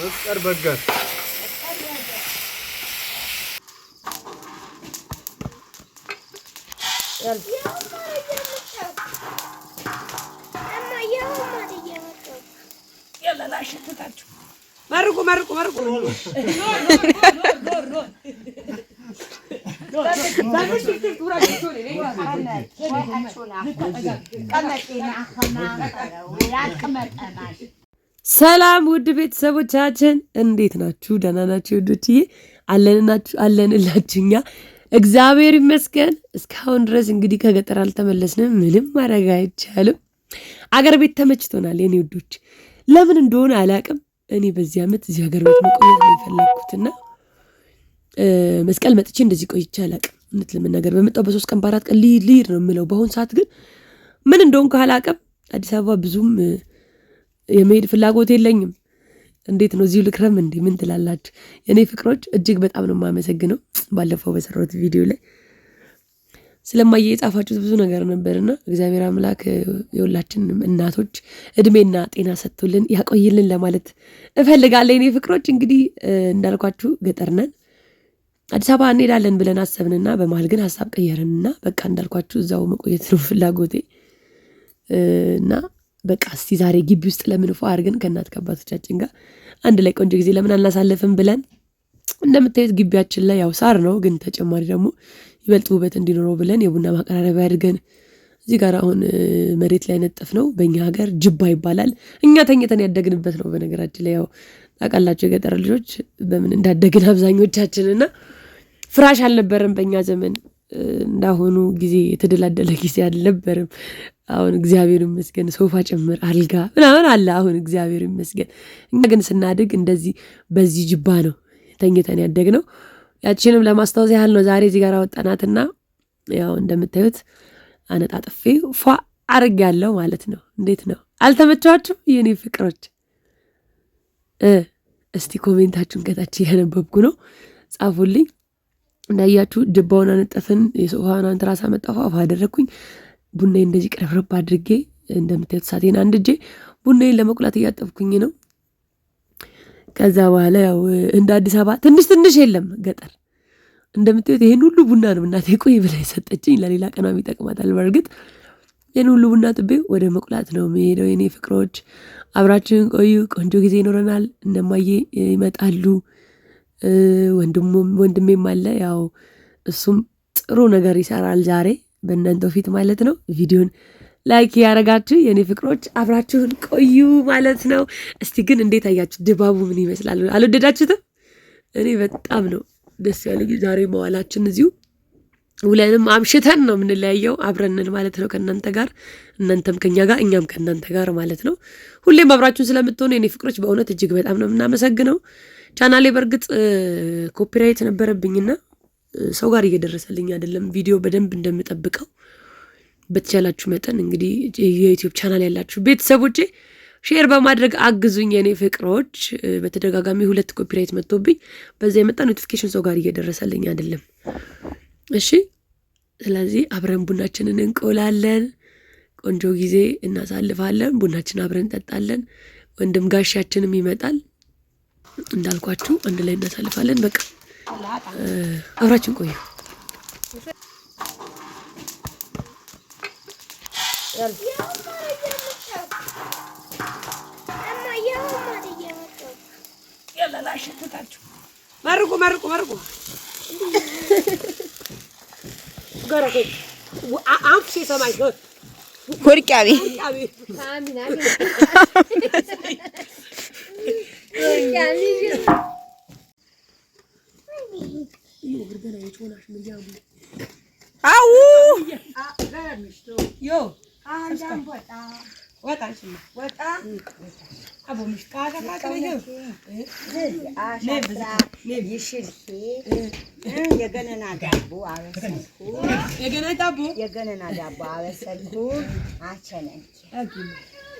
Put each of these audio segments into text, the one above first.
መስቀል በጋር መርቁ መርቁ መርቁ ሰላም ውድ ቤተሰቦቻችን እንዴት ናችሁ? ደህና ናችሁ? ውዶችዬ አለንላችሁ። እኛ እግዚአብሔር ይመስገን እስካሁን ድረስ እንግዲህ ከገጠር አልተመለስንም። ምንም ማድረግ አይቻልም። አገር ቤት ተመችቶናል የኔ ውዶች። ለምን እንደሆነ አላቅም። እኔ በዚህ ዓመት እዚህ ሀገር ቤት መቆየት ነው የፈለግኩትና መስቀል መጥቼ እንደዚህ ቆይቼ አላቅም። እውነት ለመናገር በመጣው በሶስት ቀን በአራት ቀን ልሂድ ልሂድ ነው የምለው። በአሁን ሰዓት ግን ምን እንደሆን ካላቅም አዲስ አበባ ብዙም የመሄድ ፍላጎት የለኝም። እንዴት ነው እዚሁ ልክረም እንዴ? ምን ትላላችሁ? የእኔ ፍቅሮች እጅግ በጣም ነው የማመሰግነው። ባለፈው በሰራሁት ቪዲዮ ላይ ስለማየ የጻፋችሁት ብዙ ነገር ነበርና እግዚአብሔር አምላክ የሁላችንም እናቶች እድሜና ጤና ሰጥቶልን ያቆይልን ለማለት እፈልጋለሁ። የእኔ ፍቅሮች እንግዲህ እንዳልኳችሁ ገጠር ነን። አዲስ አበባ እንሄዳለን ብለን አሰብንና በመሀል ግን ሀሳብ ቀየርንና በቃ እንዳልኳችሁ እዛው መቆየት ነው ፍላጎቴ እና በቃ እስቲ ዛሬ ግቢ ውስጥ ለምን ፎ አድርገን ከእናት ከአባቶቻችን ጋር አንድ ላይ ቆንጆ ጊዜ ለምን አናሳልፍም ብለን እንደምታዩት ግቢያችን ላይ ያው ሳር ነው፣ ግን ተጨማሪ ደግሞ ይበልጥ ውበት እንዲኖረው ብለን የቡና ማቀራረቢያ አድርገን እዚህ ጋር አሁን መሬት ላይ ነጠፍ ነው። በእኛ ሀገር ጅባ ይባላል። እኛ ተኝተን ያደግንበት ነው። በነገራችን ላይ ያው ታውቃላችሁ የገጠር ልጆች በምን እንዳደግን አብዛኞቻችን እና ፍራሽ አልነበረም በእኛ ዘመን እንዳሁኑ ጊዜ የተደላደለ ጊዜ አልነበርም አሁን እግዚአብሔር ይመስገን ሶፋ ጭምር አልጋ ምናምን አለ። አሁን እግዚአብሔር ይመስገን። እኛ ግን ስናድግ እንደዚህ በዚህ ጅባ ነው ተኝተን ያደግ ነው። ያችንም ለማስታወስ ያህል ነው ዛሬ እዚህ ጋር ወጣናትና ያው እንደምታዩት አነጣጥፌ ፏ አርግ ያለው ማለት ነው። እንዴት ነው አልተመቻችሁም? የእኔ ፍቅሮች እስቲ ኮሜንታችሁን ከታች እያነበብኩ ነው፣ ጻፉልኝ። እንዳያችሁ ጅባውን አነጠፍን፣ የሶፋውን አንትራስ አመጣሁ፣ አፋ አደረግኩኝ። ቡና እንደዚህ ቅርብርብ አድርጌ እንደምታዩት ሳቴን አንድ እጄ ቡናዬን ለመቁላት እያጠብኩኝ ነው። ከዛ በኋላ ያው እንደ አዲስ አበባ ትንሽ ትንሽ የለም ገጠር እንደምታዩት ይህን ሁሉ ቡና ነው እናቴ ቆይ ብላ የሰጠችኝ። ለሌላ ቀኗም ይጠቅማታል። በእርግጥ ይህን ሁሉ ቡና ጥቤ ወደ መቁላት ነው የምሄደው። የኔ ፍቅሮች አብራችን ቆዩ። ቆንጆ ጊዜ ይኖረናል። እነማዬ ይመጣሉ። ወንድሜም አለ ያው እሱም ጥሩ ነገር ይሰራል ዛሬ በእናንተው ፊት ማለት ነው። ቪዲዮን ላይክ ያደረጋችሁ የእኔ ፍቅሮች አብራችሁን ቆዩ ማለት ነው። እስቲ ግን እንዴት አያችሁ? ድባቡ ምን ይመስላል? አልወደዳችሁትም? እኔ በጣም ነው ደስ ያለኝ ዛሬ መዋላችን እዚሁ ውለንም አምሽተን ነው የምንለያየው። አብረንን ማለት ነው ከእናንተ ጋር እናንተም ከኛ ጋር እኛም ከእናንተ ጋር ማለት ነው። ሁሌም አብራችሁን ስለምትሆኑ የኔ ፍቅሮች በእውነት እጅግ በጣም ነው የምናመሰግነው። ቻናሌ በእርግጥ ኮፒራይት ነበረብኝና ሰው ጋር እየደረሰልኝ አይደለም። ቪዲዮ በደንብ እንደምጠብቀው በተቻላችሁ መጠን እንግዲህ የዩቲዩብ ቻናል ያላችሁ ቤተሰቦቼ ሼር በማድረግ አግዙኝ። የኔ ፍቅሮች በተደጋጋሚ ሁለት ኮፒራይት መጥቶብኝ በዚያ የመጣ ኖቲፊኬሽን ሰው ጋር እየደረሰልኝ አይደለም። እሺ፣ ስለዚህ አብረን ቡናችንን እንቆላለን፣ ቆንጆ ጊዜ እናሳልፋለን። ቡናችን አብረን እንጠጣለን። ወንድም ጋሻችንም ይመጣል። እንዳልኳችሁ አንድ ላይ እናሳልፋለን። በቃ አብራችን ቆዩ። መርቁ መርቁ መርቁ ወርቅ ያቤ የገነና ዳቦ አበሰልኩ። የገነና ዳቦ አበሰልኩ። አቸነች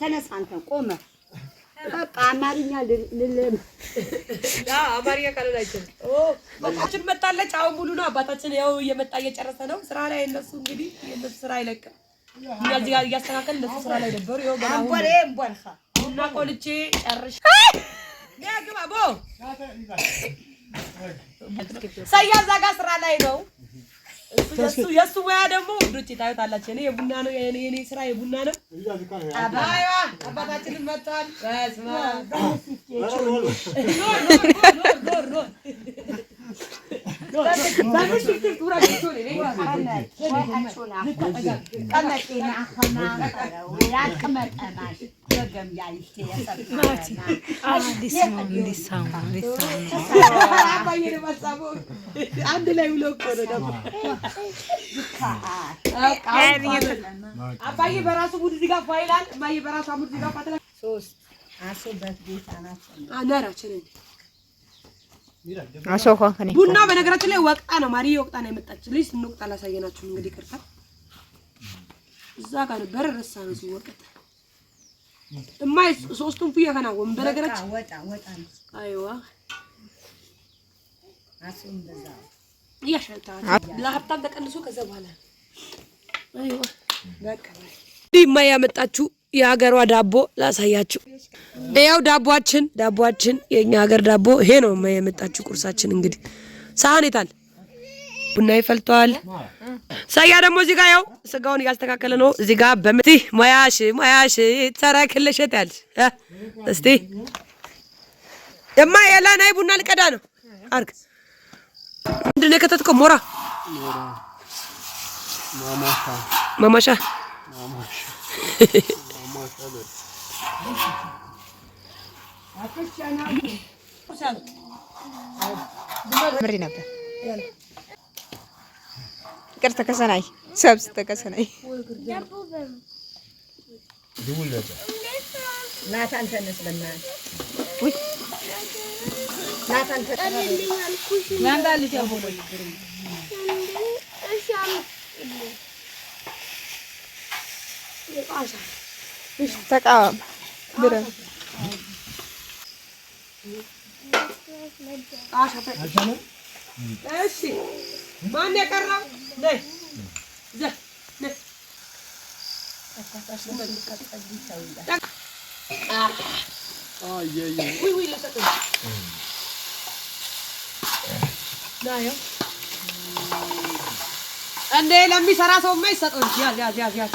ተነሳ፣ አንተ ቆመ። በቃ አማርኛ ልለም አማርኛ ካለላችን መጣለች። አሁን ሙሉ ነው አባታችን ያው እየመጣ እየጨረሰ ነው ስራ ላይ እነሱ እንግዲህ የእነሱ ስራ አይለቅም። እኛ እዚህ ጋር እያስተካከል እነሱ ስራ ላይ ነበሩ። ቡና ቆልቼ ጨርሼ ግባ ጋር ስራ ላይ ነው የእሱ ሙያ ደግሞ ውዶች ታዩታላችሁ። እኔ የቡና ነው የኔ ስራ የቡና ነው። አባታችንም መጥተዋል። አንድ ላይ ብሎ እኮ ነው ደግሞ አባዬ በራሱ ሙድ ዝጋፋ ይላል። አባዬ በራሱ ሙድ ዝጋፋ ትላለች። ሶስት አሶበት ቤት አናት ቡና በነገራችን ላይ ወቅጣ ነው። ማሪ ወቅጣ ነው የመጣች ልጅ ስንወቅጣ ላሳየናችሁ። እንግዲህ ቅርታ እዛ ጋር ነበር ረሳ ነው ሲወቅጥ እማይ ሶስቱን ፉያ ከናወም በነገራችን ወጣ ወጣ ነው። አይዋ ለሀብታም ተቀንሶ ከዛ በኋላ አይዋ በቃ እማይ ያመጣችሁ የሀገሯ ዳቦ ላሳያችሁ። ያው ዳቦችን ዳቦችን የእኛ ሀገር ዳቦ ይሄ ነው የመጣችሁ ቁርሳችን። እንግዲህ ሳህን የታል? ቡና ይፈልተዋል። ሳያ ደግሞ እዚህ ጋር ያው ስጋውን እያስተካከለ ነው። እዚህ ጋር በምት ሞያሽ ሞያሽ ተራ ክለሸት ያል እስቲ ደማ የላ ናይ ቡና ልቀዳ ነው። አርግ ምንድን ነው የከተትከው? ሞራ ማማሻ ማማሻ ምሪ ነበር። ቅር ተከሰናይ ሰብስ ተከሰናይ ናታን ተቃወም ብረም እሺ፣ ማን የቀረው እንዴ? ለሚሰራ ሰውማ ይሰጠው። ያዝ ያዝ ያዝ ያዝ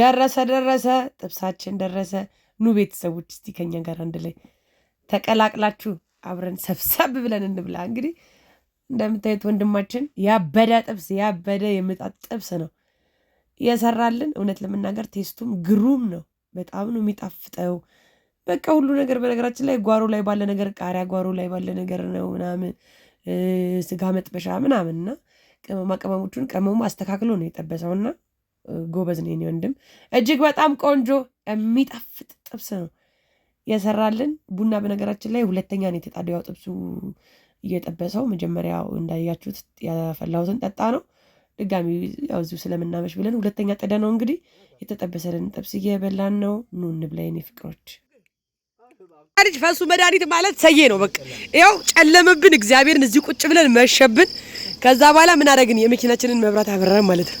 ደረሰ ደረሰ ጥብሳችን ደረሰ። ኑ ቤተሰቦች እስቲ ከኛ ጋር አንድ ላይ ተቀላቅላችሁ አብረን ሰብሰብ ብለን እንብላ። እንግዲህ እንደምታዩት ወንድማችን ያበደ ጥብስ ያበደ የምጣት ጥብስ ነው የሰራልን። እውነት ለመናገር ቴስቱም ግሩም ነው። በጣም ነው የሚጣፍጠው። በቃ ሁሉ ነገር በነገራችን ላይ ጓሮ ላይ ባለ ነገር ቃሪያ ጓሮ ላይ ባለ ነገር ነው ምናምን ስጋ መጥበሻ ምናምን እና ቅመማ ቅመሞቹን ቀመሙ አስተካክሎ ነው የጠበሰውና ጎበዝ ነው የኔ ወንድም። እጅግ በጣም ቆንጆ የሚጣፍጥ ጥብስ ነው የሰራልን። ቡና በነገራችን ላይ ሁለተኛ ነው የተጣደው። ጥብሱ እየጠበሰው መጀመሪያው እንዳያችሁት ያፈላሁትን ጠጣ ነው። ድጋሚ ያው እዚሁ ስለምናመሽ ብለን ሁለተኛ ጠደ ነው እንግዲህ የተጠበሰልን ጥብስ እየበላን ነው። ኑ እንብላ የኔ ፍቅሮች። ልጅ ፈሱ መድኃኒት ማለት ሰዬ ነው። በቃ ያው ጨለመብን፣ እግዚአብሔርን እዚህ ቁጭ ብለን መሸብን። ከዛ በኋላ ምን አደረግን? የመኪናችንን መብራት አበራን ማለት ነው።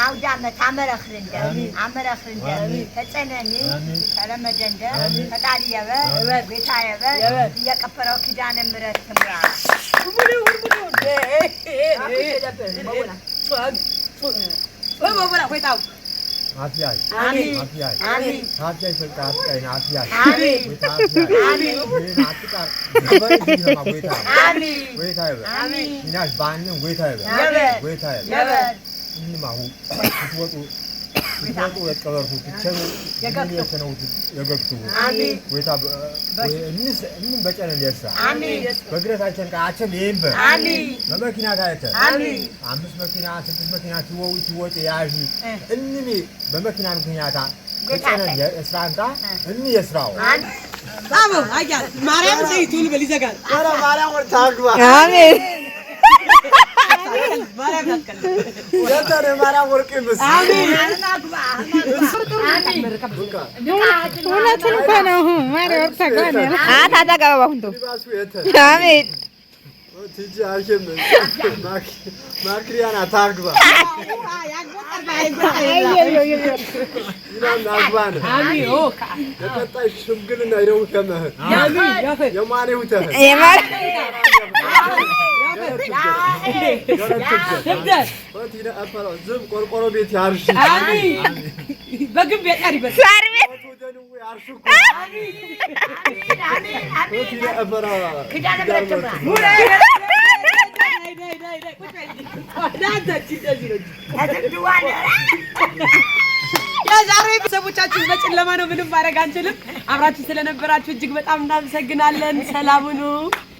አውዳ መታመረህ እንደ አመረህ እንደ ተጸነኒ ተለመደንደ ፈጣሪ የበ ቤታ የበ እየቀፈረው ኪዳነ ምሕረት ትምራ አሜን ማሁ ስትወጡ ስትወጡ የቀበርኩት ቸሩ የተነውት የገብቱ ወይታ እንስ እንም በጨነ ሊያሳ በእግረታችን ቃቸም ይህንበ በመኪና ካየተ አምስት መኪና ስድስት መኪና ሲወው ሲወጥ ያዥ እንኒ በመኪና ምክንያታ በጨነ ስራንታ እኒ የስራው ባቦ አያ ማርያም ዘይቱል ማርያም ወርታሉ አሜን ሽምግልና ይደውተመህ የማን ይሁተህ ቆርቆሮ ቤት ያርሽ፣ በግንብ ያጣሪ፣ ሳር ቤት የዛሬ ቤተሰቦቻችን በጨለማ ነው፣ ምንም ማድረግ አንችልም። አብራችሁ ስለነበራችሁ እጅግ በጣም እናመሰግናለን። ሰላም ሁኑ።